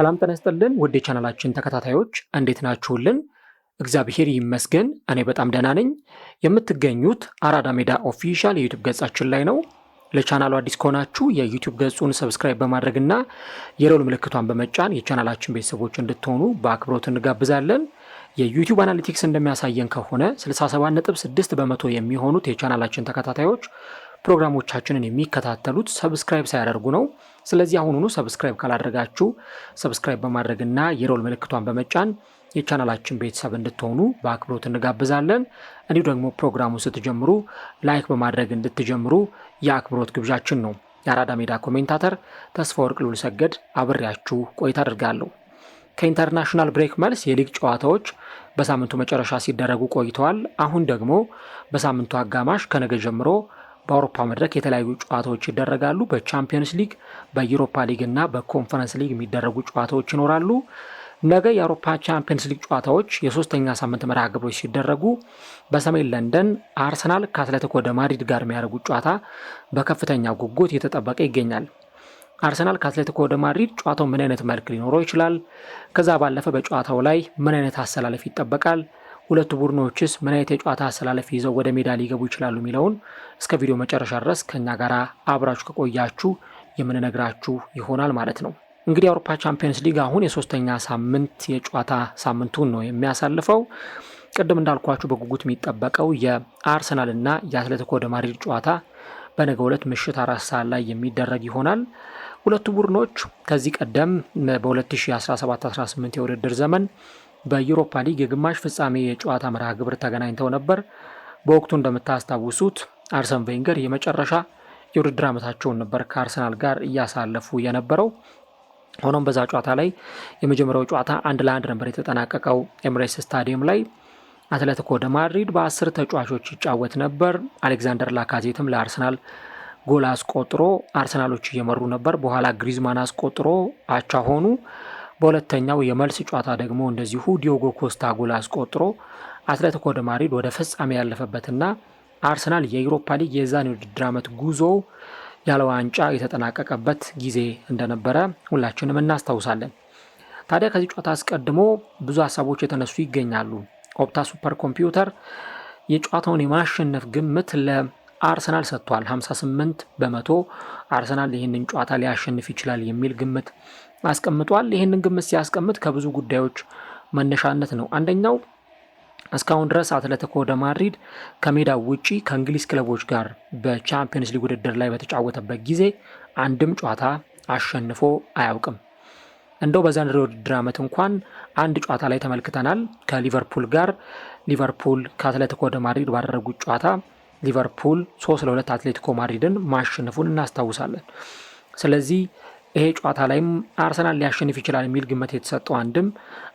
ሰላም ጠነስጥልን ውድ የቻናላችን ተከታታዮች እንዴት ናችሁልን? እግዚአብሔር ይመስገን እኔ በጣም ደህና ነኝ። የምትገኙት አራዳ ሜዳ ኦፊሻል የዩቱብ ገጻችን ላይ ነው። ለቻናሉ አዲስ ከሆናችሁ የዩቱብ ገጹን ሰብስክራይብ በማድረግና የሮል ምልክቷን በመጫን የቻናላችን ቤተሰቦች እንድትሆኑ በአክብሮት እንጋብዛለን። የዩቲዩብ አናሊቲክስ እንደሚያሳየን ከሆነ 67.6 በመቶ የሚሆኑት የቻናላችን ተከታታዮች ፕሮግራሞቻችንን የሚከታተሉት ሰብስክራይብ ሳያደርጉ ነው። ስለዚህ አሁኑኑ ሰብስክራይብ ካላደረጋችሁ ሰብስክራይብ በማድረግና የሮል ምልክቷን በመጫን የቻናላችን ቤተሰብ እንድትሆኑ በአክብሮት እንጋብዛለን። እንዲሁ ደግሞ ፕሮግራሙ ስትጀምሩ ላይክ በማድረግ እንድትጀምሩ የአክብሮት ግብዣችን ነው። የአራዳ ሜዳ ኮሜንታተር ተስፋ ወርቅ ሉልሰገድ አብሬያችሁ ቆይታ አድርጋለሁ። ከኢንተርናሽናል ብሬክ መልስ የሊግ ጨዋታዎች በሳምንቱ መጨረሻ ሲደረጉ ቆይተዋል። አሁን ደግሞ በሳምንቱ አጋማሽ ከነገ ጀምሮ በአውሮፓ መድረክ የተለያዩ ጨዋታዎች ይደረጋሉ። በቻምፒየንስ ሊግ፣ በዩሮፓ ሊግ እና በኮንፈረንስ ሊግ የሚደረጉ ጨዋታዎች ይኖራሉ። ነገ የአውሮፓ ቻምፒየንስ ሊግ ጨዋታዎች የሶስተኛ ሳምንት መርሃ ግብሮች ሲደረጉ በሰሜን ለንደን አርሰናል ከአትሌቲኮ ወደ ማድሪድ ጋር የሚያደርጉት ጨዋታ በከፍተኛ ጉጉት እየተጠበቀ ይገኛል። አርሰናል ከአትሌቲኮ ወደ ማድሪድ ጨዋታው ምን አይነት መልክ ሊኖረው ይችላል? ከዛ ባለፈ በጨዋታው ላይ ምን አይነት አሰላለፍ ይጠበቃል? ሁለቱ ቡድኖችስ ምን አይነት የጨዋታ አሰላለፍ ይዘው ወደ ሜዳ ሊገቡ ይችላሉ የሚለውን እስከ ቪዲዮ መጨረሻ ድረስ ከእኛ ጋር አብራችሁ ከቆያችሁ የምንነግራችሁ ይሆናል ማለት ነው። እንግዲህ የአውሮፓ ቻምፒየንስ ሊግ አሁን የሶስተኛ ሳምንት የጨዋታ ሳምንቱን ነው የሚያሳልፈው። ቅድም እንዳልኳችሁ በጉጉት የሚጠበቀው የአርሰናል እና የአትሌቲኮ ወደ ማድሪድ ጨዋታ በነገ ዕለት ምሽት አራት ሰዓት ላይ የሚደረግ ይሆናል። ሁለቱ ቡድኖች ከዚህ ቀደም በ2017/18 የውድድር ዘመን በዩሮፓ ሊግ የግማሽ ፍጻሜ የጨዋታ መርሃ ግብር ተገናኝተው ነበር። በወቅቱ እንደምታስታውሱት አርሰን ቬንገር የመጨረሻ የውድድር ዓመታቸውን ነበር ከአርሰናል ጋር እያሳለፉ የነበረው። ሆኖም በዛ ጨዋታ ላይ የመጀመሪያው ጨዋታ አንድ ለአንድ ነበር የተጠናቀቀው ኤምሬስ ስታዲየም ላይ። አትሌቲኮ ደ ማድሪድ በአስር ተጫዋቾች ይጫወት ነበር። አሌክዛንደር ላካዜትም ለአርሰናል ጎል አስቆጥሮ አርሰናሎች እየመሩ ነበር። በኋላ ግሪዝማን አስቆጥሮ አቻ ሆኑ። በሁለተኛው የመልስ ጨዋታ ደግሞ እንደዚሁ ዲዮጎ ኮስታ ጎል አስቆጥሮ አትሌቲኮ ደ ማድሪድ ወደ ፍጻሜ ያለፈበትና አርሰናል የዩሮፓ ሊግ የዛን ውድድር ዓመት ጉዞ ያለ ዋንጫ የተጠናቀቀበት ጊዜ እንደነበረ ሁላችንም እናስታውሳለን። ታዲያ ከዚህ ጨዋታ አስቀድሞ ብዙ ሀሳቦች የተነሱ ይገኛሉ። ኦፕታ ሱፐር ኮምፒውተር የጨዋታውን የማሸነፍ ግምት ለአርሰናል ሰጥቷል። 58 በመቶ አርሰናል ይህንን ጨዋታ ሊያሸንፍ ይችላል የሚል ግምት አስቀምጧል። ይህንን ግምት ሲያስቀምጥ ከብዙ ጉዳዮች መነሻነት ነው። አንደኛው እስካሁን ድረስ አትሌቲኮ ወደ ማድሪድ ከሜዳ ውጪ ከእንግሊዝ ክለቦች ጋር በቻምፒየንስ ሊግ ውድድር ላይ በተጫወተበት ጊዜ አንድም ጨዋታ አሸንፎ አያውቅም። እንደው በዘንድሮ ውድድር ዓመት እንኳን አንድ ጨዋታ ላይ ተመልክተናል ከሊቨርፑል ጋር። ሊቨርፑል ከአትሌቲኮ ወደ ማድሪድ ባደረጉት ጨዋታ ሊቨርፑል ሶስት ለሁለት አትሌቲኮ ማድሪድን ማሸነፉን እናስታውሳለን። ስለዚህ ይሄ ጨዋታ ላይም አርሰናል ሊያሸንፍ ይችላል የሚል ግምት የተሰጠው አንድም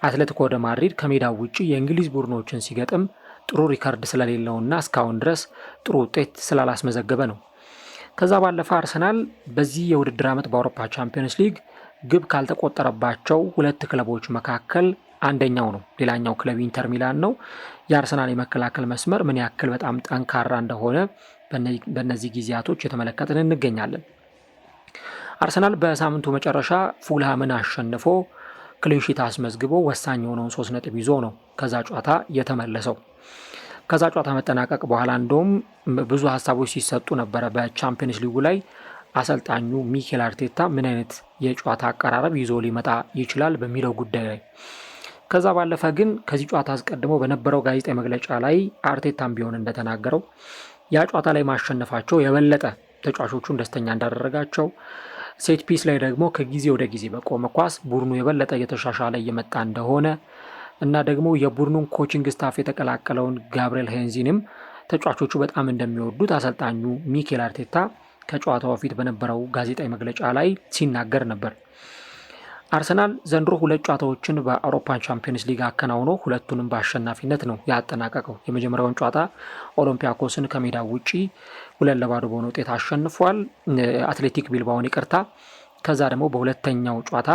አትሌቲኮ ወደ ማድሪድ ከሜዳው ውጭ የእንግሊዝ ቡድኖችን ሲገጥም ጥሩ ሪከርድ ስለሌለውና እስካሁን ድረስ ጥሩ ውጤት ስላላስመዘገበ ነው። ከዛ ባለፈ አርሰናል በዚህ የውድድር ዓመት በአውሮፓ ቻምፒዮንስ ሊግ ግብ ካልተቆጠረባቸው ሁለት ክለቦች መካከል አንደኛው ነው። ሌላኛው ክለብ ኢንተር ሚላን ነው። የአርሰናል የመከላከል መስመር ምን ያክል በጣም ጠንካራ እንደሆነ በእነዚህ ጊዜያቶች የተመለከትን እንገኛለን። አርሰናል በሳምንቱ መጨረሻ ፉልሃምን አሸንፎ ክሊንሺት አስመዝግቦ ወሳኝ የሆነውን ሶስት ነጥብ ይዞ ነው ከዛ ጨዋታ የተመለሰው። ከዛ ጨዋታ መጠናቀቅ በኋላ እንደውም ብዙ ሀሳቦች ሲሰጡ ነበረ። በቻምፒየንስ ሊጉ ላይ አሰልጣኙ ሚኬል አርቴታ ምን አይነት የጨዋታ አቀራረብ ይዞ ሊመጣ ይችላል በሚለው ጉዳይ ላይ ከዛ ባለፈ ግን ከዚህ ጨዋታ አስቀድሞ በነበረው ጋዜጣዊ መግለጫ ላይ አርቴታም ቢሆን እንደተናገረው ያ ጨዋታ ላይ ማሸነፋቸው የበለጠ ተጫዋቾቹን ደስተኛ እንዳደረጋቸው ሴት ፒስ ላይ ደግሞ ከጊዜ ወደ ጊዜ በቆመ ኳስ ቡድኑ የበለጠ እየተሻሻለ እየመጣ እንደሆነ እና ደግሞ የቡድኑን ኮችንግ ስታፍ የተቀላቀለውን ጋብርኤል ሄንዚንም ተጫዋቾቹ በጣም እንደሚወዱት አሰልጣኙ ሚኬል አርቴታ ከጨዋታው በፊት በነበረው ጋዜጣዊ መግለጫ ላይ ሲናገር ነበር። አርሰናል ዘንድሮ ሁለት ጨዋታዎችን በአውሮፓን ቻምፒዮንስ ሊግ አከናውኖ ሁለቱንም በአሸናፊነት ነው ያጠናቀቀው። የመጀመሪያውን ጨዋታ ኦሎምፒያኮስን ከሜዳ ውጪ ሁለት ለባዶ በሆነ ውጤት አሸንፏል አትሌቲክ ቢልባውን ይቅርታ። ከዛ ደግሞ በሁለተኛው ጨዋታ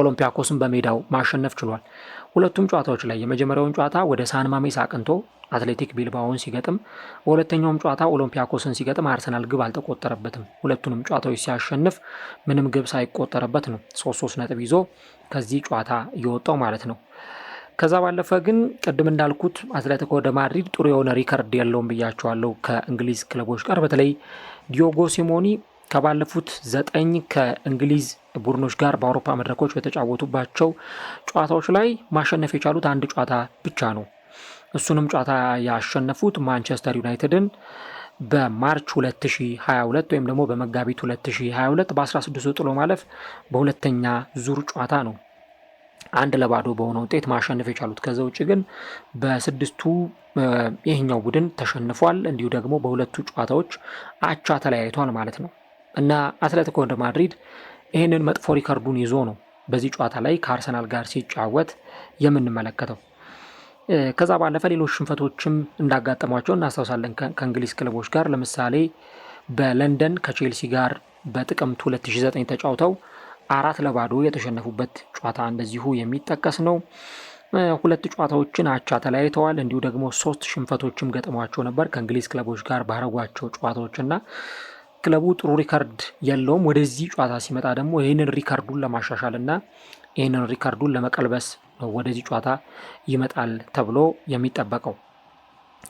ኦሎምፒያኮስን በሜዳው ማሸነፍ ችሏል። ሁለቱም ጨዋታዎች ላይ የመጀመሪያውን ጨዋታ ወደ ሳንማሜስ አቅንቶ አትሌቲክ ቢልባውን ሲገጥም፣ በሁለተኛውም ጨዋታ ኦሎምፒያኮስን ሲገጥም አርሰናል ግብ አልተቆጠረበትም። ሁለቱንም ጨዋታዎች ሲያሸንፍ ምንም ግብ ሳይቆጠረበት ነው ሶስት ሶስት ነጥብ ይዞ ከዚህ ጨዋታ እየወጣው ማለት ነው። ከዛ ባለፈ ግን ቅድም እንዳልኩት አትሌቲኮ ወደ ማድሪድ ጥሩ የሆነ ሪከርድ የለውም ብያቸዋለሁ ከእንግሊዝ ክለቦች ጋር በተለይ ዲዮጎ ሲሞኒ ከባለፉት ዘጠኝ ከእንግሊዝ ቡድኖች ጋር በአውሮፓ መድረኮች በተጫወቱባቸው ጨዋታዎች ላይ ማሸነፍ የቻሉት አንድ ጨዋታ ብቻ ነው። እሱንም ጨዋታ ያሸነፉት ማንቸስተር ዩናይትድን በማርች 2022 ወይም ደግሞ በመጋቢት 2022 በ16 ጥሎ ማለፍ በሁለተኛ ዙር ጨዋታ ነው። አንድ ለባዶ በሆነ ውጤት ማሸነፍ የቻሉት። ከዛ ውጭ ግን በስድስቱ ይህኛው ቡድን ተሸንፏል፣ እንዲሁ ደግሞ በሁለቱ ጨዋታዎች አቻ ተለያይቷል ማለት ነው እና አትሌቲኮ ደ ማድሪድ ይህንን መጥፎ ሪከርዱን ይዞ ነው በዚህ ጨዋታ ላይ ከአርሰናል ጋር ሲጫወት የምንመለከተው። ከዛ ባለፈ ሌሎች ሽንፈቶችም እንዳጋጠሟቸው እናስታውሳለን። ከእንግሊዝ ክለቦች ጋር ለምሳሌ በለንደን ከቼልሲ ጋር በጥቅምት 2009 ተጫውተው አራት ለባዶ የተሸነፉበት ጨዋታ እንደዚሁ የሚጠቀስ ነው። ሁለት ጨዋታዎችን አቻ ተለያይተዋል። እንዲሁ ደግሞ ሶስት ሽንፈቶችም ገጥሟቸው ነበር ከእንግሊዝ ክለቦች ጋር ባረጓቸው ጨዋታዎችና ክለቡ ጥሩ ሪከርድ የለውም። ወደዚህ ጨዋታ ሲመጣ ደግሞ ይህንን ሪከርዱን ለማሻሻል እና ይህንን ሪከርዱን ለመቀልበስ ነው ወደዚህ ጨዋታ ይመጣል ተብሎ የሚጠበቀው።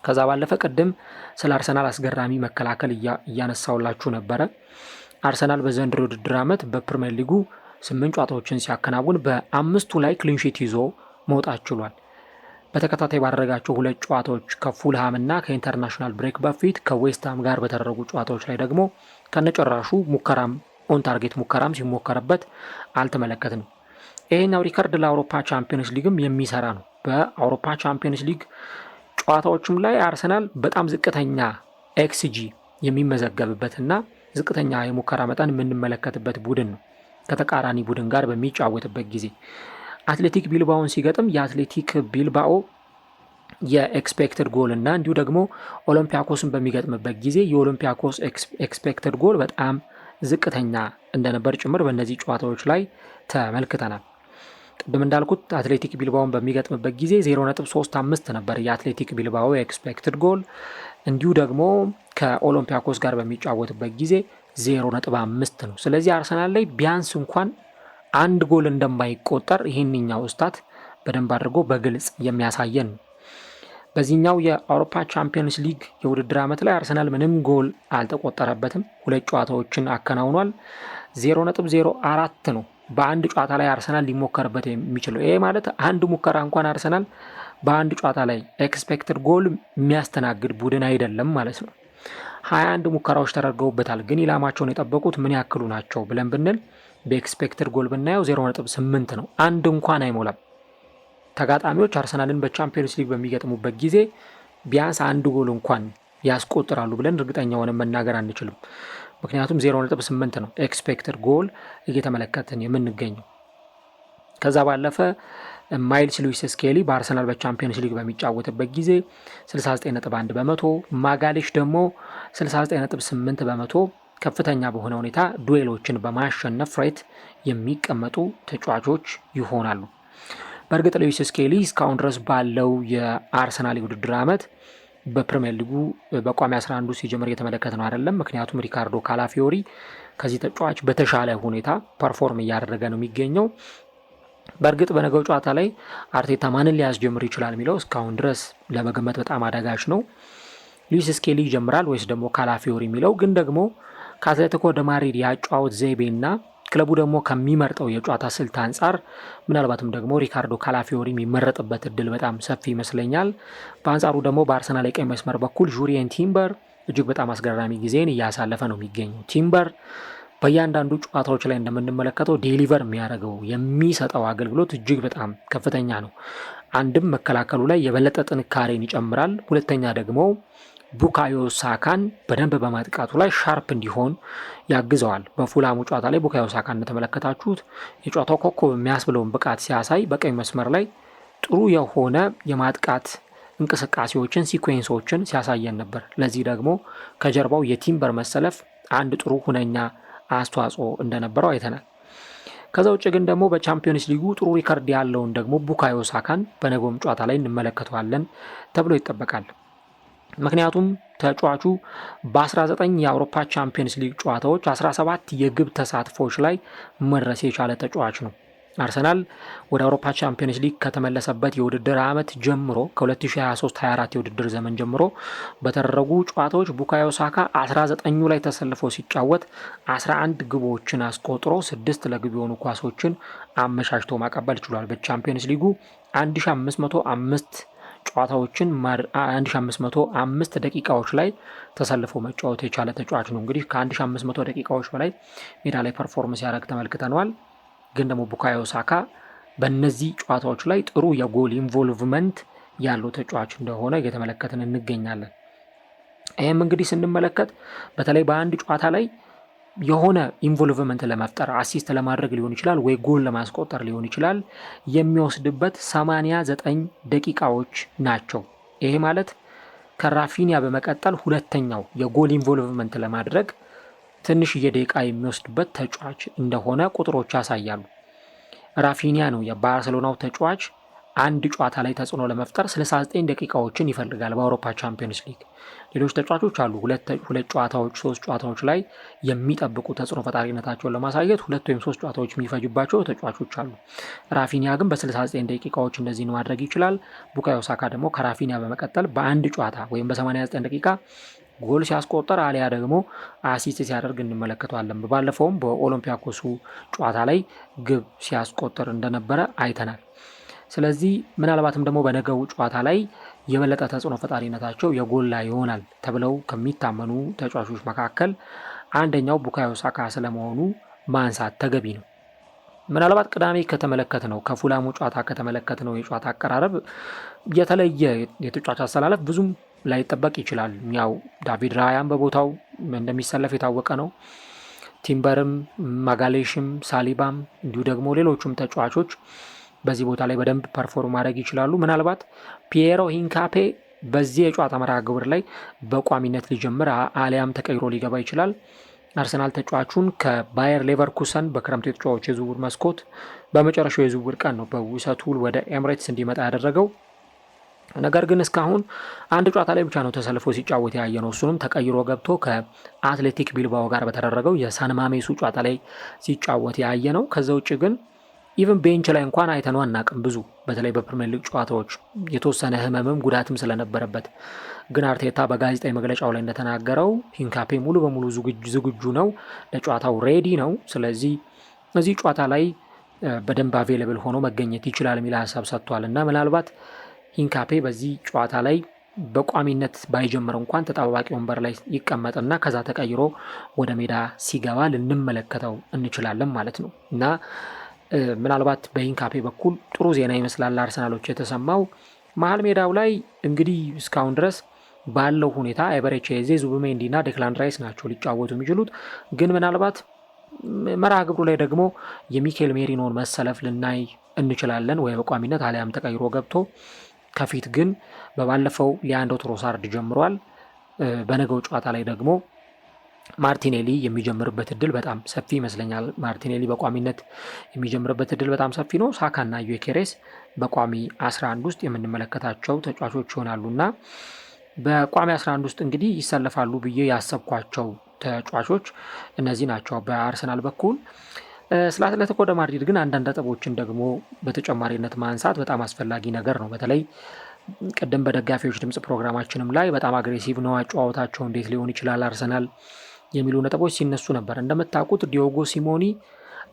ከዛ ባለፈ ቅድም ስለ አርሰናል አስገራሚ መከላከል እያነሳውላችሁ ነበረ። አርሰናል በዘንድሮ ውድድር ዓመት በፕሪምየር ሊጉ ስምንት ጨዋታዎችን ሲያከናውን በአምስቱ ላይ ክሊንሺት ይዞ መውጣት ችሏል። በተከታታይ ባደረጋቸው ሁለት ጨዋታዎች ከፉልሃምና ከኢንተርናሽናል ብሬክ በፊት ከዌስትሃም ጋር በተደረጉ ጨዋታዎች ላይ ደግሞ ከነጨራሹ ሙከራም ኦን ታርጌት ሙከራም ሲሞከርበት አልተመለከትንም። ይሄኛው ሪከርድ ለአውሮፓ ቻምፒዮንስ ሊግም የሚሰራ ነው። በአውሮፓ ቻምፒዮንስ ሊግ ጨዋታዎችም ላይ አርሰናል በጣም ዝቅተኛ ኤክስጂ የሚመዘገብበትና ዝቅተኛ የሙከራ መጠን የምንመለከትበት ቡድን ነው ከተቃራኒ ቡድን ጋር በሚጫወትበት ጊዜ አትሌቲክ ቢልባኦን ሲገጥም የአትሌቲክ ቢልባኦ የኤክስፔክትድ ጎል እና እንዲሁ ደግሞ ኦሎምፒያኮስን በሚገጥምበት ጊዜ የኦሎምፒያኮስ ኤክስፔክትድ ጎል በጣም ዝቅተኛ እንደነበር ጭምር በእነዚህ ጨዋታዎች ላይ ተመልክተናል። ቅድም እንዳልኩት አትሌቲክ ቢልባውን በሚገጥምበት ጊዜ 0.35 ነበር የአትሌቲክ ቢልባው ኤክስፔክትድ ጎል። እንዲሁ ደግሞ ከኦሎምፒያኮስ ጋር በሚጫወትበት ጊዜ 0.5 ነው። ስለዚህ አርሰናል ላይ ቢያንስ እንኳን አንድ ጎል እንደማይቆጠር ይህንኛው እስታት በደንብ አድርጎ በግልጽ የሚያሳየን ነው። በዚህኛው የአውሮፓ ቻምፒየንስ ሊግ የውድድር ዓመት ላይ አርሰናል ምንም ጎል አልተቆጠረበትም። ሁለት ጨዋታዎችን አከናውኗል። 0.04 ነው በአንድ ጨዋታ ላይ አርሰናል ሊሞከርበት የሚችለው ይሄ ማለት አንድ ሙከራ እንኳን አርሰናል በአንድ ጨዋታ ላይ ኤክስፔክትድ ጎል የሚያስተናግድ ቡድን አይደለም ማለት ነው። ሀያ አንድ ሙከራዎች ተደርገውበታል። ግን ኢላማቸውን የጠበቁት ምን ያክሉ ናቸው ብለን ብንል በኤክስፔክትድ ጎል ብናየው ዜሮ ነጥብ ስምንት ነው። አንድ እንኳን አይሞላም። ተጋጣሚዎች አርሰናልን በቻምፒዮንስ ሊግ በሚገጥሙበት ጊዜ ቢያንስ አንድ ጎል እንኳን ያስቆጥራሉ ብለን እርግጠኛ ሆነን መናገር አንችልም። ምክንያቱም 0.8 ነው ኤክስፔክተድ ጎል እየተመለከትን የምንገኘው። ከዛ ባለፈ ማይልስ ሉዊስ ስኬሊ በአርሰናል በቻምፒዮንስ ሊግ በሚጫወትበት ጊዜ 69.1 በመቶ ማጋሌሽ ደግሞ 69.8 በመቶ ከፍተኛ በሆነ ሁኔታ ዱዌሎችን በማሸነፍ ሬት የሚቀመጡ ተጫዋቾች ይሆናሉ። በእርግጥ ሉዊስ ስኬሊ እስካሁን ድረስ ባለው የአርሰናል የውድድር ዓመት በፕሪሚየር ሊጉ በቋሚ 11 ሲጀምር እየተመለከት ነው አይደለም። ምክንያቱም ሪካርዶ ካላፊዮሪ ከዚህ ተጫዋች በተሻለ ሁኔታ ፐርፎርም እያደረገ ነው የሚገኘው። በእርግጥ በነገው ጨዋታ ላይ አርቴታ ማንን ሊያስጀምር ይችላል የሚለው እስካሁን ድረስ ለመገመት በጣም አዳጋች ነው። ሉዊስ ስኬሊ ይጀምራል ወይስ ደግሞ ካላፊዮሪ የሚለው ግን ደግሞ ከአትሌቲኮ ደ ማድሪድ የአጨዋወት ዘይቤና ክለቡ ደግሞ ከሚመርጠው የጨዋታ ስልት አንጻር ምናልባትም ደግሞ ሪካርዶ ካላፊዮሪ የሚመረጥበት እድል በጣም ሰፊ ይመስለኛል። በአንጻሩ ደግሞ በአርሰናል የቀኝ መስመር በኩል ጁሪየን ቲምበር እጅግ በጣም አስገራሚ ጊዜን እያሳለፈ ነው የሚገኘው። ቲምበር በእያንዳንዱ ጨዋታዎች ላይ እንደምንመለከተው ዴሊቨር የሚያደርገው የሚሰጠው አገልግሎት እጅግ በጣም ከፍተኛ ነው። አንድም መከላከሉ ላይ የበለጠ ጥንካሬን ይጨምራል፣ ሁለተኛ ደግሞ ቡካዮ ሳካን በደንብ በማጥቃቱ ላይ ሻርፕ እንዲሆን ያግዘዋል። በፉላሙ ጨዋታ ላይ ቡካዮ ሳካን እንደተመለከታችሁት የጨዋታው ኮከብ የሚያስብለውን ብቃት ሲያሳይ በቀኝ መስመር ላይ ጥሩ የሆነ የማጥቃት እንቅስቃሴዎችን ሲኩዌንሶችን ሲያሳየን ነበር። ለዚህ ደግሞ ከጀርባው የቲምበር መሰለፍ አንድ ጥሩ ሁነኛ አስተዋጽኦ እንደነበረው አይተናል። ከዛ ውጭ ግን ደግሞ በቻምፒዮንስ ሊጉ ጥሩ ሪከርድ ያለውን ደግሞ ቡካዮ ሳካን በነገውም ጨዋታ ላይ እንመለከተዋለን ተብሎ ይጠበቃል። ምክንያቱም ተጫዋቹ በ19 የአውሮፓ ቻምፒየንስ ሊግ ጨዋታዎች 17 የግብ ተሳትፎዎች ላይ መድረስ የቻለ ተጫዋች ነው። አርሰናል ወደ አውሮፓ ቻምፒየንስ ሊግ ከተመለሰበት የውድድር ዓመት ጀምሮ ከ2023/24 የውድድር ዘመን ጀምሮ በተደረጉ ጨዋታዎች ቡካዮ ሳካ 19ኙ ላይ ተሰልፎ ሲጫወት 11 ግቦችን አስቆጥሮ 6 ለግብ የሆኑ ኳሶችን አመቻችቶ ማቀበል ችሏል። በቻምፒየንስ ሊጉ 1505 ጨዋታዎችን 1505 ደቂቃዎች ላይ ተሰልፎ መጫወት የቻለ ተጫዋች ነው። እንግዲህ ከ1500 ደቂቃዎች በላይ ሜዳ ላይ ፐርፎርመንስ ያደረግ ተመልክተነዋል። ግን ደግሞ ቡካዮ ሳካ በእነዚህ ጨዋታዎች ላይ ጥሩ የጎል ኢንቮልቭመንት ያለው ተጫዋች እንደሆነ እየተመለከትን እንገኛለን። ይህም እንግዲህ ስንመለከት በተለይ በአንድ ጨዋታ ላይ የሆነ ኢንቮልቭመንት ለመፍጠር አሲስት ለማድረግ ሊሆን ይችላል ወይ ጎል ለማስቆጠር ሊሆን ይችላል የሚወስድበት 89 ደቂቃዎች ናቸው። ይሄ ማለት ከራፊኒያ በመቀጠል ሁለተኛው የጎል ኢንቮልቭመንት ለማድረግ ትንሽዬ ደቂቃ የሚወስድበት ተጫዋች እንደሆነ ቁጥሮች ያሳያሉ። ራፊኒያ ነው የባርሴሎናው ተጫዋች አንድ ጨዋታ ላይ ተጽዕኖ ለመፍጠር 69 ደቂቃዎችን ይፈልጋል። በአውሮፓ ቻምፒዮንስ ሊግ ሌሎች ተጫዋቾች አሉ። ሁለት ጨዋታዎች፣ ሶስት ጨዋታዎች ላይ የሚጠብቁ ተጽዕኖ ፈጣሪነታቸውን ለማሳየት ሁለት ወይም ሶስት ጨዋታዎች የሚፈጅባቸው ተጫዋቾች አሉ። ራፊኒያ ግን በ69 ደቂቃዎች እንደዚህን ማድረግ ይችላል። ቡካዮ ሳካ ደግሞ ከራፊኒያ በመቀጠል በአንድ ጨዋታ ወይም በ89 ደቂቃ ጎል ሲያስቆጠር አሊያ ደግሞ አሲስት ሲያደርግ እንመለከተዋለን። ባለፈውም በኦሎምፒያኮሱ ጨዋታ ላይ ግብ ሲያስቆጥር እንደነበረ አይተናል። ስለዚህ ምናልባትም ደግሞ በነገው ጨዋታ ላይ የበለጠ ተጽዕኖ ፈጣሪነታቸው የጎላ ይሆናል ተብለው ከሚታመኑ ተጫዋቾች መካከል አንደኛው ቡካዮ ሳካ ስለመሆኑ ማንሳት ተገቢ ነው። ምናልባት ቅዳሜ ከተመለከት ነው ከፉላሙ ጨዋታ ከተመለከት ነው የጨዋታ አቀራረብ የተለየ የተጫዋች አሰላለፍ ብዙም ላይጠበቅ ይችላል። ያው ዳቪድ ራያን በቦታው እንደሚሰለፍ የታወቀ ነው። ቲምበርም፣ ማጋሌሽም፣ ሳሊባም እንዲሁ ደግሞ ሌሎቹም ተጫዋቾች በዚህ ቦታ ላይ በደንብ ፐርፎርም ማድረግ ይችላሉ። ምናልባት ፒየሮ ሂንካፔ በዚህ የጨዋታ መርሃ ግብር ላይ በቋሚነት ሊጀምር አሊያም ተቀይሮ ሊገባ ይችላል። አርሰናል ተጫዋቹን ከባየር ሌቨርኩሰን በክረምቱ የተጫዋቾች የዝውውር መስኮት በመጨረሻው የዝውውር ቀን ነው በውሰት ውል ወደ ኤምሬትስ እንዲመጣ ያደረገው። ነገር ግን እስካሁን አንድ ጨዋታ ላይ ብቻ ነው ተሰልፎ ሲጫወት ያየ ነው። እሱንም ተቀይሮ ገብቶ ከአትሌቲክ ቢልባኦ ጋር በተደረገው የሳንማሜሱ ጨዋታ ላይ ሲጫወት ያየ ነው። ከዛ ውጭ ግን ኢቨን ቤንች ላይ እንኳን አይተነው አናቅም ብዙ በተለይ በፕሪሚየር ሊግ ጨዋታዎች የተወሰነ ህመምም ጉዳትም ስለነበረበት ግን አርቴታ በጋዜጣዊ መግለጫው ላይ እንደተናገረው ሂንካፔ ሙሉ በሙሉ ዝግጁ ነው፣ ለጨዋታው ሬዲ ነው። ስለዚህ እዚህ ጨዋታ ላይ በደንብ አቬለብል ሆኖ መገኘት ይችላል የሚል ሀሳብ ሰጥቷል እና ምናልባት ሂንካፔ በዚህ ጨዋታ ላይ በቋሚነት ባይጀምር እንኳን ተጠባባቂ ወንበር ላይ ይቀመጥና ከዛ ተቀይሮ ወደ ሜዳ ሲገባ ልንመለከተው እንችላለን ማለት ነው እና ምናልባት በኢንካፔ በኩል ጥሩ ዜና ይመስላል አርሰናሎች የተሰማው መሀል ሜዳው ላይ እንግዲህ እስካሁን ድረስ ባለው ሁኔታ አይበሬቻ ኤዜ፣ ዙቢሜንዲ እና ዴክላን ራይስ ናቸው ሊጫወቱ የሚችሉት። ግን ምናልባት መርሃ ግብሩ ላይ ደግሞ የሚካኤል ሜሪኖን መሰለፍ ልናይ እንችላለን ወይ በቋሚነት አሊያም ተቀይሮ ገብቶ ከፊት ግን በባለፈው ሊያንዶ ትሮሳርድ ጀምሯል። በነገው ጨዋታ ላይ ደግሞ ማርቲኔሊ የሚጀምርበት እድል በጣም ሰፊ ይመስለኛል። ማርቲኔሊ በቋሚነት የሚጀምርበት እድል በጣም ሰፊ ነው። ሳካና ዩኬሬስ በቋሚ 11 ውስጥ የምንመለከታቸው ተጫዋቾች ይሆናሉና በቋሚ 11 ውስጥ እንግዲህ ይሰለፋሉ ብዬ ያሰብኳቸው ተጫዋቾች እነዚህ ናቸው። በአርሰናል በኩል ስለ አትሌቲኮ ደ ማድሪድ ግን አንዳንድ ነጥቦችን ደግሞ በተጨማሪነት ማንሳት በጣም አስፈላጊ ነገር ነው። በተለይ ቅድም በደጋፊዎች ድምፅ ፕሮግራማችንም ላይ በጣም አግሬሲቭ ነው አጨዋወታቸው፣ እንዴት ሊሆን ይችላል አርሰናል የሚሉ ነጥቦች ሲነሱ ነበር። እንደምታውቁት ዲዮጎ ሲሞኒ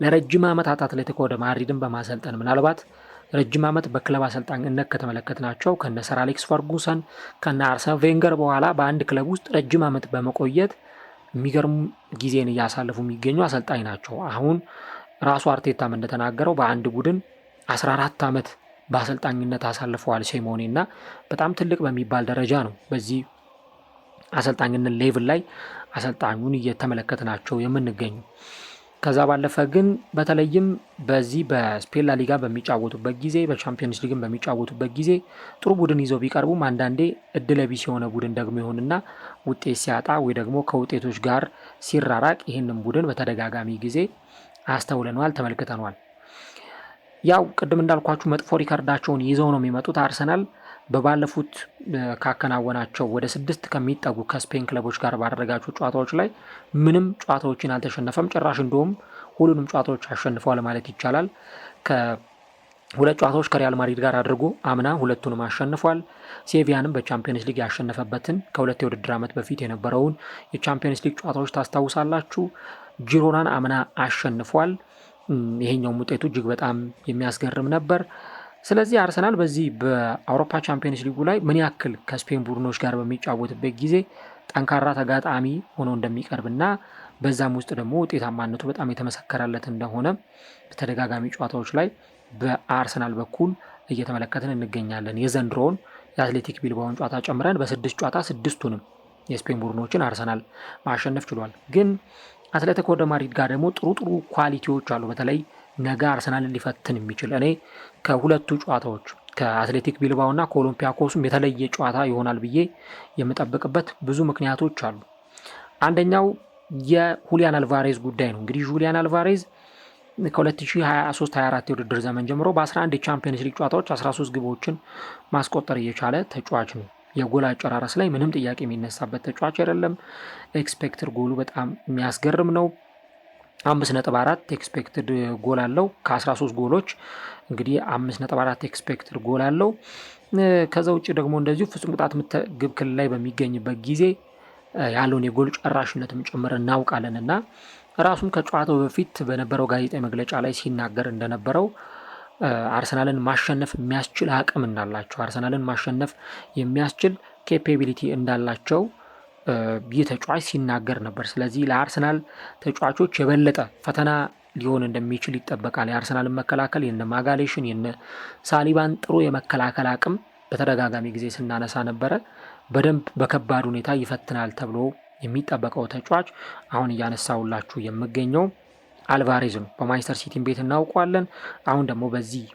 ለረጅም ዓመታት አትሌቲኮ ወደ ማድሪድን በማሰልጠን ምናልባት ረጅም ዓመት በክለብ አሰልጣኝነት ናቸው ከነ ሰር አሌክስ ፈርጉሰን ከነ አርሰን ቬንገር በኋላ በአንድ ክለብ ውስጥ ረጅም ዓመት በመቆየት የሚገርሙ ጊዜን እያሳለፉ የሚገኙ አሰልጣኝ ናቸው። አሁን ራሱ አርቴታም እንደተናገረው በአንድ ቡድን 14 ዓመት በአሰልጣኝነት አሳልፈዋል ሲሞኔ እና በጣም ትልቅ በሚባል ደረጃ ነው በዚህ አሰልጣኝነት ሌቭል ላይ አሰልጣኙን እየተመለከት ናቸው የምንገኙ። ከዛ ባለፈ ግን በተለይም በዚህ በስፔን ላሊጋ በሚጫወቱበት ጊዜ በቻምፒዮንስ ሊግን በሚጫወቱበት ጊዜ ጥሩ ቡድን ይዘው ቢቀርቡም አንዳንዴ እድለቢስ የሆነ ቡድን ደግሞ ይሆንና ውጤት ሲያጣ ወይ ደግሞ ከውጤቶች ጋር ሲራራቅ ይህንን ቡድን በተደጋጋሚ ጊዜ አስተውለነዋል፣ ተመልክተነዋል። ያው ቅድም እንዳልኳችሁ መጥፎ ሪከርዳቸውን ይዘው ነው የሚመጡት አርሰናል በባለፉት ካከናወናቸው ወደ ስድስት ከሚጠጉ ከስፔን ክለቦች ጋር ባደረጋቸው ጨዋታዎች ላይ ምንም ጨዋታዎችን አልተሸነፈም። ጭራሽ እንደውም ሁሉንም ጨዋታዎች አሸንፈዋል ማለት ይቻላል። ሁለት ጨዋታዎች ከሪያል ማድሪድ ጋር አድርጎ አምና ሁለቱንም አሸንፏል። ሴቪያንም በቻምፒዮንስ ሊግ ያሸነፈበትን ከሁለት የውድድር ዓመት በፊት የነበረውን የቻምፒዮንስ ሊግ ጨዋታዎች ታስታውሳላችሁ። ጂሮናን አምና አሸንፏል። ይሄኛውም ውጤቱ እጅግ በጣም የሚያስገርም ነበር። ስለዚህ አርሰናል በዚህ በአውሮፓ ቻምፒየንስ ሊጉ ላይ ምን ያክል ከስፔን ቡድኖች ጋር በሚጫወትበት ጊዜ ጠንካራ ተጋጣሚ ሆኖ እንደሚቀርብ እና በዛም ውስጥ ደግሞ ውጤታማነቱ በጣም የተመሰከረለት እንደሆነ በተደጋጋሚ ጨዋታዎች ላይ በአርሰናል በኩል እየተመለከትን እንገኛለን። የዘንድሮውን የአትሌቲክ ቢልባውን ጨዋታ ጨምረን በስድስት ጨዋታ ስድስቱንም የስፔን ቡድኖችን አርሰናል ማሸነፍ ችሏል። ግን አትሌቲኮ ደ ማድሪድ ጋር ደግሞ ጥሩ ጥሩ ኳሊቲዎች አሉ። በተለይ ነገ አርሰናልን ሊፈትን የሚችል እኔ ከሁለቱ ጨዋታዎች ከአትሌቲክ ቢልባው እና ከኦሎምፒያኮሱም የተለየ ጨዋታ ይሆናል ብዬ የምጠብቅበት ብዙ ምክንያቶች አሉ። አንደኛው የሁሊያን አልቫሬዝ ጉዳይ ነው። እንግዲህ ሁሊያን አልቫሬዝ ከ2023/24 የውድድር ዘመን ጀምሮ በ11 የቻምፒየንስ ሊግ ጨዋታዎች 13 ግቦችን ማስቆጠር እየቻለ ተጫዋች ነው። የጎል አጨራረስ ላይ ምንም ጥያቄ የሚነሳበት ተጫዋች አይደለም። ኤክስፔክትር ጎሉ በጣም የሚያስገርም ነው። አምስት ነጥብ አራት ኤክስፔክትድ ጎል አለው ከ13 ጎሎች እንግዲህ አምስት ነጥብ አራት ኤክስፔክትድ ጎል አለው። ከዛ ውጭ ደግሞ እንደዚሁ ፍጹም ቅጣት ግብ ክልል ላይ በሚገኝበት ጊዜ ያለውን የጎል ጨራሽነትም ጭምር እናውቃለን እና ራሱም ከጨዋታው በፊት በነበረው ጋዜጣዊ መግለጫ ላይ ሲናገር እንደነበረው አርሰናልን ማሸነፍ የሚያስችል አቅም እንዳላቸው አርሰናልን ማሸነፍ የሚያስችል ኬፓቢሊቲ እንዳላቸው ይህ ተጫዋች ሲናገር ነበር። ስለዚህ ለአርሰናል ተጫዋቾች የበለጠ ፈተና ሊሆን እንደሚችል ይጠበቃል። የአርሰናልን መከላከል የነ ማጋሌሽን የነ ሳሊባን ጥሩ የመከላከል አቅም በተደጋጋሚ ጊዜ ስናነሳ ነበረ። በደንብ በከባድ ሁኔታ ይፈትናል ተብሎ የሚጠበቀው ተጫዋች አሁን እያነሳውላችሁ የምገኘው አልቫሬዝ ነው። በማንቸስተር ሲቲን ቤት እናውቀዋለን። አሁን ደግሞ በዚህ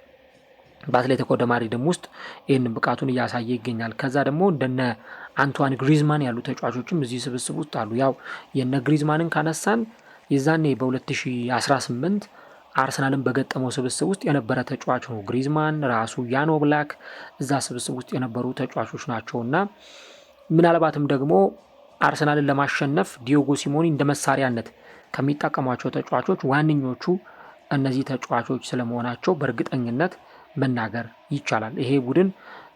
በአትሌቲኮ ደማድሪድም ውስጥ ይህን ብቃቱን እያሳየ ይገኛል። ከዛ ደግሞ እንደነ አንቷን ግሪዝማን ያሉ ተጫዋቾችም እዚህ ስብስብ ውስጥ አሉ። ያው የነ ግሪዝማንን ካነሳን የዛኔ በ2018 አርሰናልን በገጠመው ስብስብ ውስጥ የነበረ ተጫዋች ነው። ግሪዝማን ራሱ ያኖ ብላክ እዛ ስብስብ ውስጥ የነበሩ ተጫዋቾች ናቸው እና ምናልባትም ደግሞ አርሰናልን ለማሸነፍ ዲዮጎ ሲሞኒ እንደ መሳሪያነት ከሚጠቀሟቸው ተጫዋቾች ዋነኞቹ እነዚህ ተጫዋቾች ስለመሆናቸው በእርግጠኝነት መናገር ይቻላል። ይሄ ቡድን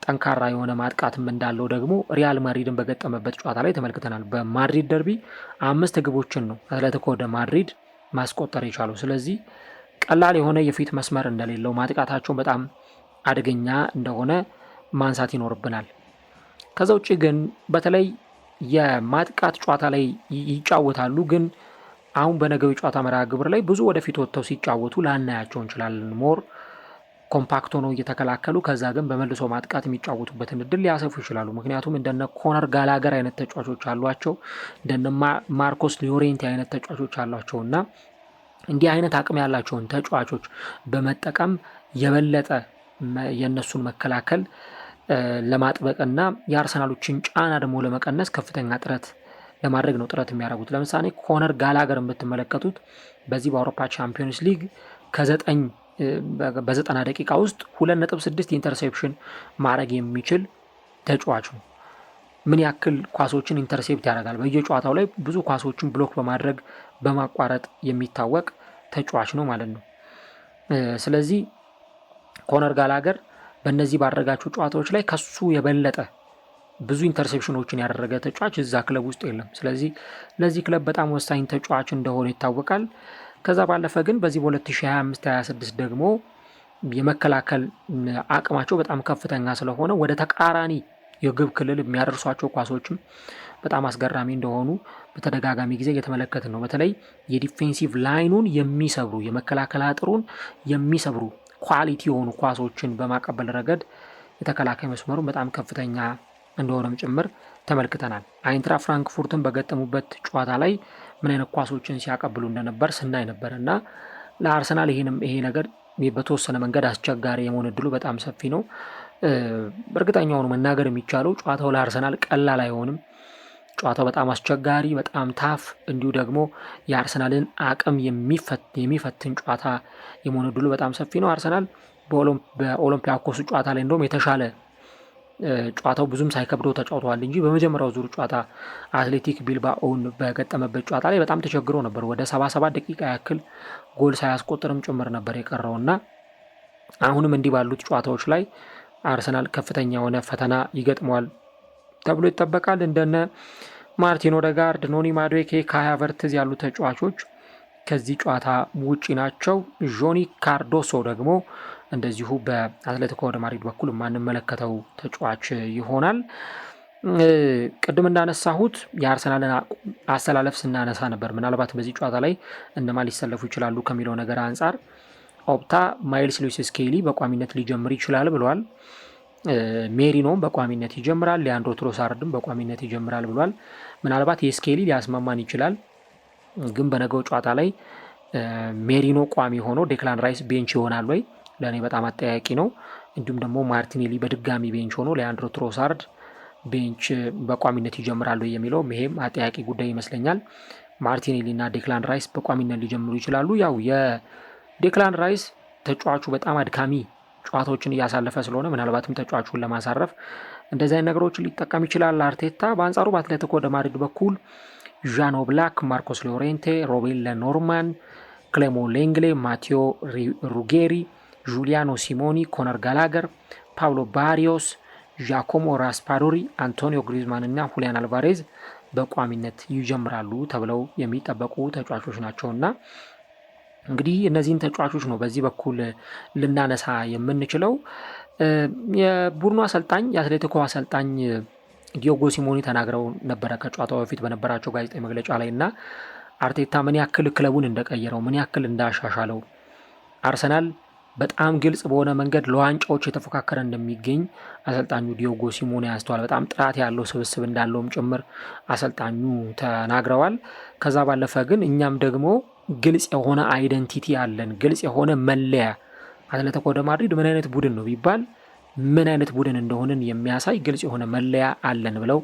ጠንካራ የሆነ ማጥቃትም እንዳለው ደግሞ ሪያል ማድሪድን በገጠመበት ጨዋታ ላይ ተመልክተናል። በማድሪድ ደርቢ አምስት ግቦችን ነው አትሌቲኮ ወደ ማድሪድ ማስቆጠር የቻለው። ስለዚህ ቀላል የሆነ የፊት መስመር እንደሌለው ማጥቃታቸውን በጣም አደገኛ እንደሆነ ማንሳት ይኖርብናል። ከዛ ውጭ ግን በተለይ የማጥቃት ጨዋታ ላይ ይጫወታሉ ግን አሁን በነገው ጨዋታ መርሃ ግብር ላይ ብዙ ወደፊት ወጥተው ሲጫወቱ ላናያቸው እንችላለን ሞር ኮምፓክት ሆነው እየተከላከሉ ከዛ ግን በመልሶ ማጥቃት የሚጫወቱበትን እድል ሊያሰፉ ይችላሉ። ምክንያቱም እንደነ ኮነር ጋላገር አይነት ተጫዋቾች አሏቸው፣ እንደነ ማርኮስ ሊዮሬንቲ አይነት ተጫዋቾች አሏቸው እና እንዲህ አይነት አቅም ያላቸውን ተጫዋቾች በመጠቀም የበለጠ የእነሱን መከላከል ለማጥበቅና የአርሰናሎችን ጫና ደግሞ ለመቀነስ ከፍተኛ ጥረት ለማድረግ ነው ጥረት የሚያደርጉት። ለምሳሌ ኮነር ጋላገር የምትመለከቱት በዚህ በአውሮፓ ቻምፒዮንስ ሊግ ከዘጠኝ በዘጠና ደቂቃ ውስጥ ሁለት ነጥብ ስድስት ኢንተርሴፕሽን ማድረግ የሚችል ተጫዋች ነው። ምን ያክል ኳሶችን ኢንተርሴፕት ያደርጋል? በየጨዋታው ላይ ብዙ ኳሶችን ብሎክ በማድረግ በማቋረጥ የሚታወቅ ተጫዋች ነው ማለት ነው። ስለዚህ ኮነር ጋላገር በእነዚህ ባደረጋቸው ጨዋታዎች ላይ ከሱ የበለጠ ብዙ ኢንተርሴፕሽኖችን ያደረገ ተጫዋች እዛ ክለብ ውስጥ የለም። ስለዚህ ለዚህ ክለብ በጣም ወሳኝ ተጫዋች እንደሆነ ይታወቃል። ከዛ ባለፈ ግን በዚህ በ2025/26 ደግሞ የመከላከል አቅማቸው በጣም ከፍተኛ ስለሆነ ወደ ተቃራኒ የግብ ክልል የሚያደርሷቸው ኳሶችም በጣም አስገራሚ እንደሆኑ በተደጋጋሚ ጊዜ እየተመለከትን ነው። በተለይ የዲፌንሲቭ ላይኑን የሚሰብሩ የመከላከል አጥሩን የሚሰብሩ ኳሊቲ የሆኑ ኳሶችን በማቀበል ረገድ የተከላካይ መስመሩን በጣም ከፍተኛ እንደሆነም ጭምር ተመልክተናል። አይንትራ ፍራንክፉርትን በገጠሙበት ጨዋታ ላይ ምን አይነት ኳሶችን ሲያቀብሉ እንደነበር ስናይ ነበር እና ለአርሰናል ይህንም ይሄ ነገር በተወሰነ መንገድ አስቸጋሪ የመሆን እድሉ በጣም ሰፊ ነው። እርግጠኛ ሆኖ መናገር የሚቻለው ጨዋታው ለአርሰናል ቀላል አይሆንም። ጨዋታው በጣም አስቸጋሪ፣ በጣም ታፍ እንዲሁ ደግሞ የአርሰናልን አቅም የሚፈትን ጨዋታ የመሆን እድሉ በጣም ሰፊ ነው። አርሰናል በኦሎምፒያኮሱ ጨዋታ ላይ እንደውም የተሻለ ጨዋታው ብዙም ሳይከብደው ተጫውተዋል እንጂ በመጀመሪያው ዙር ጨዋታ አትሌቲክ ቢልባኦን በገጠመበት ጨዋታ ላይ በጣም ተቸግሮ ነበር። ወደ 77 ደቂቃ ያክል ጎል ሳያስቆጥርም ጭምር ነበር እና አሁንም እንዲህ ባሉት ጨዋታዎች ላይ አርሰናል ከፍተኛ የሆነ ፈተና ይገጥመዋል ተብሎ ይጠበቃል። እንደነ ማርቲን ኦዴጋርድ፣ ኖኒ ማዱዌኬ፣ ካይ ሃቨርትዝ ያሉ ተጫዋቾች ከዚህ ጨዋታ ውጪ ናቸው። ጆኒ ካርዶሶ ደግሞ እንደዚሁ በአትሌቲኮ ወደ ማድሪድ በኩል የማንመለከተው ተጫዋች ይሆናል። ቅድም እንዳነሳሁት የአርሰናልን አሰላለፍ ስናነሳ ነበር። ምናልባት በዚህ ጨዋታ ላይ እነማን ሊሰለፉ ይችላሉ ከሚለው ነገር አንጻር ኦፕታ ማይልስ ሉዊስ ስኬሊ በቋሚነት ሊጀምር ይችላል ብሏል። ሜሪኖም በቋሚነት ይጀምራል። ሊያንድሮ ትሮሳርድም በቋሚነት ይጀምራል ብሏል። ምናልባት የስኬሊ ሊያስማማን ይችላል፣ ግን በነገው ጨዋታ ላይ ሜሪኖ ቋሚ ሆኖ ዴክላን ራይስ ቤንች ይሆናል ወይ ለእኔ በጣም አጠያቂ ነው። እንዲሁም ደግሞ ማርቲኔሊ በድጋሚ ቤንች ሆኖ ሊያንድሮ ትሮሳርድ ቤንች በቋሚነት ይጀምራሉ የሚለው ይሄም አጠያቂ ጉዳይ ይመስለኛል። ማርቲኔሊ እና ዴክላን ራይስ በቋሚነት ሊጀምሩ ይችላሉ። ያው የዴክላን ራይስ ተጫዋቹ በጣም አድካሚ ጨዋታዎችን እያሳለፈ ስለሆነ ምናልባትም ተጫዋቹን ለማሳረፍ እንደዚህ አይነት ነገሮችን ሊጠቀም ይችላል አርቴታ። በአንጻሩ በአትሌቲኮ ደ ማድሪድ በኩል ዣኖ ብላክ፣ ማርኮስ ሎሬንቴ፣ ሮቤን ለኖርማን፣ ክሌሞ ሌንግሌ፣ ማቴዮ ሩጌሪ ዡሊያኖ ሲሞኒ፣ ኮነር ጋላገር፣ ፓብሎ ባሪዮስ፣ ዣኮሞ ራስፓዶሪ፣ አንቶኒዮ ግሪዝማን እና ሁሊያን አልቫሬዝ በቋሚነት ይጀምራሉ ተብለው የሚጠበቁ ተጫዋቾች ናቸው እና እንግዲህ እነዚህን ተጫዋቾች ነው በዚህ በኩል ልናነሳ የምንችለው። የቡድኑ አሰልጣኝ የአትሌቲኮ አሰልጣኝ ዲዮጎ ሲሞኒ ተናግረው ነበረ ከጨዋታው በፊት በነበራቸው ጋዜጣዊ መግለጫ ላይ እና አርቴታ ምን ያክል ክለቡን እንደቀየረው ምን ያክል እንዳሻሻለው አርሰናል በጣም ግልጽ በሆነ መንገድ ለዋንጫዎች የተፎካከረ እንደሚገኝ አሰልጣኙ ዲዮጎ ሲሞኔ ያስተዋል። በጣም ጥራት ያለው ስብስብ እንዳለውም ጭምር አሰልጣኙ ተናግረዋል። ከዛ ባለፈ ግን እኛም ደግሞ ግልጽ የሆነ አይደንቲቲ አለን፣ ግልጽ የሆነ መለያ። አትሌቲኮ ደ ማድሪድ ምን አይነት ቡድን ነው ቢባል ምን አይነት ቡድን እንደሆንን የሚያሳይ ግልጽ የሆነ መለያ አለን ብለው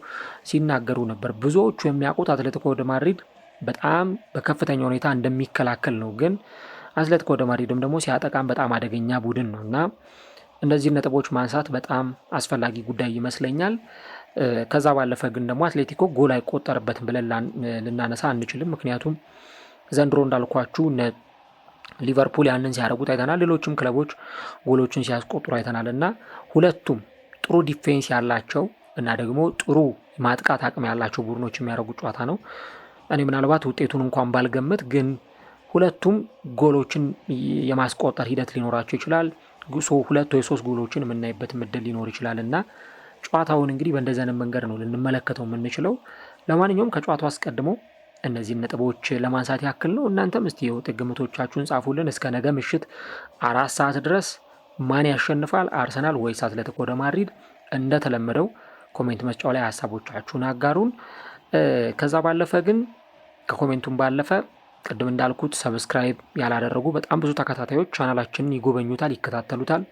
ሲናገሩ ነበር። ብዙዎቹ የሚያውቁት አትሌቲኮ ደ ማድሪድ በጣም በከፍተኛ ሁኔታ እንደሚከላከል ነው ግን አትሌቲኮ ደ ማድሪድም ደግሞ ሲያጠቃም በጣም አደገኛ ቡድን ነው እና እነዚህን ነጥቦች ማንሳት በጣም አስፈላጊ ጉዳይ ይመስለኛል። ከዛ ባለፈ ግን ደግሞ አትሌቲኮ ጎል አይቆጠርበትም ብለን ልናነሳ አንችልም። ምክንያቱም ዘንድሮ እንዳልኳችሁ ሊቨርፑል ያንን ሲያደርጉት አይተናል። ሌሎችም ክለቦች ጎሎችን ሲያስቆጥሩ አይተናል እና ሁለቱም ጥሩ ዲፌንስ ያላቸው እና ደግሞ ጥሩ ማጥቃት አቅም ያላቸው ቡድኖች የሚያደርጉት ጨዋታ ነው። እኔ ምናልባት ውጤቱን እንኳን ባልገምት ግን ሁለቱም ጎሎችን የማስቆጠር ሂደት ሊኖራቸው ይችላል። ሁለት ወይ ሶስት ጎሎችን የምናይበት ምድል ሊኖር ይችላል እና ጨዋታውን እንግዲህ በእንደዘንም መንገድ ነው ልንመለከተው የምንችለው። ለማንኛውም ከጨዋታው አስቀድሞ እነዚህን ነጥቦች ለማንሳት ያክል ነው። እናንተም እስቲ የውጥ ግምቶቻችሁን ጻፉልን። እስከ ነገ ምሽት አራት ሰዓት ድረስ ማን ያሸንፋል አርሰናል ወይስ አትሌቲኮ ደ ማድሪድ? እንደተለመደው ኮሜንት መስጫው ላይ ሀሳቦቻችሁን አጋሩን። ከዛ ባለፈ ግን ከኮሜንቱም ባለፈ ቅድም እንዳልኩት ሰብስክራይብ ያላደረጉ በጣም ብዙ ተከታታዮች ቻናላችንን ይጎበኙታል፣ ይከታተሉታል፣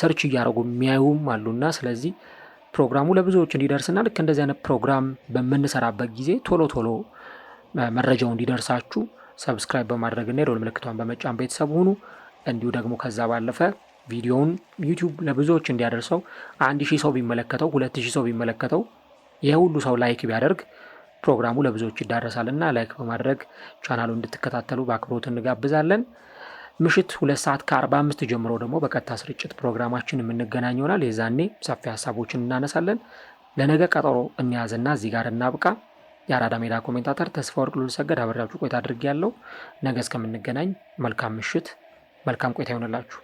ሰርች እያደረጉ የሚያዩም አሉና ስለዚህ ፕሮግራሙ ለብዙዎች እንዲደርስና ልክ እንደዚህ አይነት ፕሮግራም በምንሰራበት ጊዜ ቶሎ ቶሎ መረጃው እንዲደርሳችሁ ሰብስክራይብ በማድረግና የደወል ምልክቷን በመጫን ቤተሰብ ሁኑ። እንዲሁ ደግሞ ከዛ ባለፈ ቪዲዮውን ዩቲዩብ ለብዙዎች እንዲያደርሰው አንድ ሺህ ሰው ቢመለከተው ሁለት ሺህ ሰው ቢመለከተው ይህ ሁሉ ሰው ላይክ ቢያደርግ ፕሮግራሙ ለብዙዎች ይዳረሳል እና ላይክ በማድረግ ቻናሉ እንድትከታተሉ በአክብሮት እንጋብዛለን። ምሽት ሁለት ሰዓት ከአርባ አምስት ጀምሮ ደግሞ በቀጥታ ስርጭት ፕሮግራማችን የምንገናኝ ይሆናል። የዛኔ ሰፊ ሀሳቦችን እናነሳለን። ለነገ ቀጠሮ እንያዝና እዚህ ጋር እናብቃ። የአራዳ ሜዳ ኮሜንታተር ተስፋ ወርቅ ሉልሰገድ አብሬያችሁ ቆይታ ያለው ነገ እስከምንገናኝ መልካም ምሽት፣ መልካም ቆይታ ይሆንላችሁ።